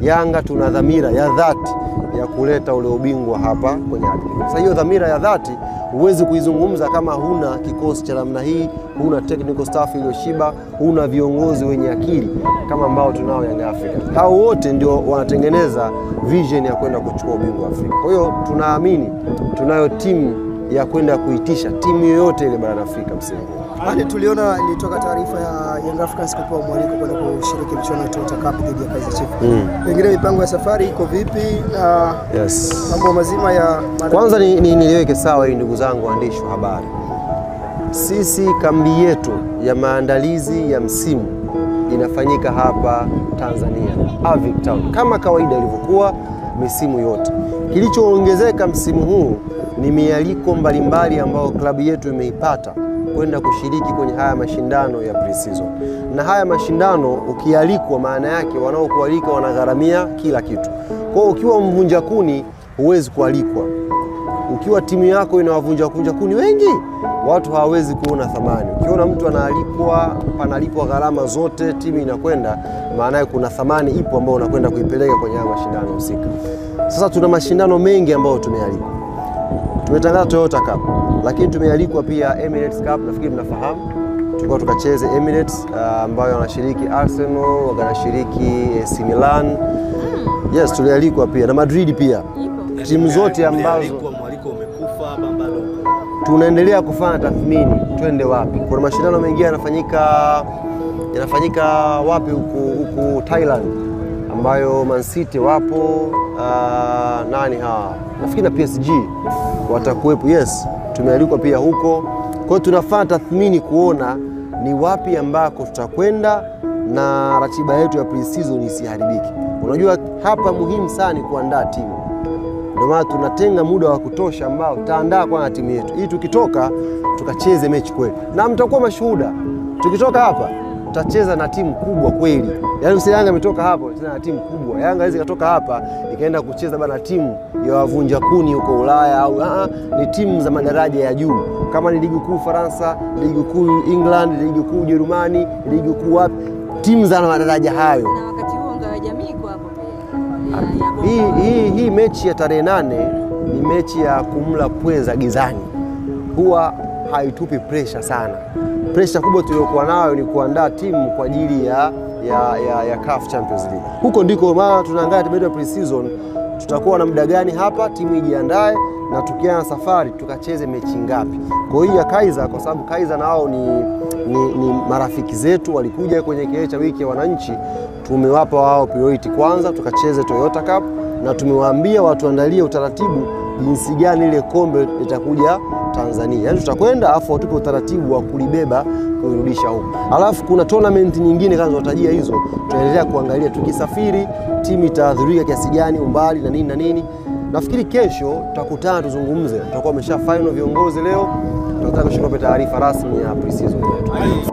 Yanga tuna dhamira ya dhati ya kuleta ule ubingwa hapa kwenye ardhi. Sasa hiyo dhamira ya dhati huwezi kuizungumza kama huna kikosi cha namna hii, huna technical staff iliyoshiba, huna viongozi wenye akili kama ambao tunao Yanga afrika Hao wote ndio wanatengeneza vision ya kwenda kuchukua ubingwa Afrika. Kwa hiyo tunaamini tunayo timu ya kwenda kuitisha timu yoyote ile barani Afrika msimu huu. Hadi tuliona ilitoka taarifa ya Young Africans kupewa mwaliko kwenda kushiriki mchuano wa Toyota Cup dhidi ya Kaizer Chiefs. Mm. Pengine mm. mipango ya safari iko vipi na yes. mambo mazima ya mara... Kwanza niliweke ni, ni sawa hii ndugu zangu waandishi wa habari. Sisi kambi yetu ya maandalizi ya msimu inafanyika hapa Tanzania Avic Town kama kawaida ilivyokuwa misimu yote. Kilichoongezeka msimu huu ni mialiko mbalimbali ambayo klabu yetu imeipata kwenda kushiriki kwenye haya mashindano ya pre-season. Na haya mashindano ukialikwa, maana yake wanaokualika wanagharamia kila kitu. Kwa hiyo ukiwa mvunja kuni huwezi kualikwa. Ukiwa timu yako inawavunja kunja kuni wengi, watu hawawezi kuona thamani. Ukiona mtu analipwa, panalipwa gharama zote, timu inakwenda, maana kuna thamani ipo ambayo unakwenda kuipeleka kwenye haya mashindano husika. Sasa tuna mashindano mengi ambayo tumealikwa Tumetangaza Toyota Cup, lakini tumealikwa pia Emirates Cup, nafikiri mnafahamu. Tulikuwa tukacheze Emirates uh, ambayo uh, wanashiriki Arsenal, wanashiriki AC Milan. Hmm. Yes, tulialikwa pia na Madrid pia. Timu zote ambazo tunaendelea kufanya tathmini, twende wapi. Kuna mashindano mengine yanafanyika yanafanyika wapi huku Thailand ambayo Man City wapo uh, nani hawa ah, nafikiri na PSG watakuwepo. Yes, tumealikwa pia huko, kwa hiyo tunafanya tathmini kuona ni wapi ambako tutakwenda na ratiba yetu ya pre-season isiharibiki. Unajua, hapa muhimu sana ni kuandaa timu, ndio maana tunatenga muda wa kutosha ambao tutaandaa kwa timu yetu, ili tukitoka tukacheze mechi kweli, na mtakuwa mashuhuda tukitoka hapa tutacheza na timu kubwa kweli. Yaani usi Yanga imetoka hapo tena na timu kubwa. Yanga hizi katoka hapa ikaenda kucheza bana timu ya wavunja kuni huko Ulaya au uh, ni timu za madaraja ya juu. Kama ni ligi kuu Faransa, ligi kuu England, ligi kuu Ujerumani, ligi kuu wapi, timu za madaraja hayo. Na wakati huo jamii kwa hapo pia. Hii hii mechi ya tarehe nane ni mechi ya kumla pweza gizani. Huwa haitupi presha sana. Presha kubwa tuliyokuwa nayo ni kuandaa timu kwa ajili ya, ya, ya, ya CAF Champions League. Huko ndiko maana tunaangalia timu pre-season, tutakuwa na muda gani hapa, timu ijiandae na na safari tukacheze mechi ngapi. Kwa hiyo ya Kaiza, kwa sababu Kaiza nao ni, ni, ni marafiki zetu, walikuja kwenye kilele cha wiki ya wananchi, tumewapa wao priority kwanza, tukacheze Toyota Cup na tumewaambia watuandalie utaratibu jinsi gani ile kombe litakuja Tanzania. Yaani tutakwenda afu watupe utaratibu wa kulibeba kuirudisha huko. Alafu kuna tournament nyingine kama tunatarajia hizo, tutaendelea kuangalia tukisafiri timu itaathirika kiasi gani, umbali na nini na nini. Nafikiri kesho tutakutana tuzungumze, tutakuwa umesha final viongozi leo, tutakutana kesho taarifa rasmi ya pre-season yetu.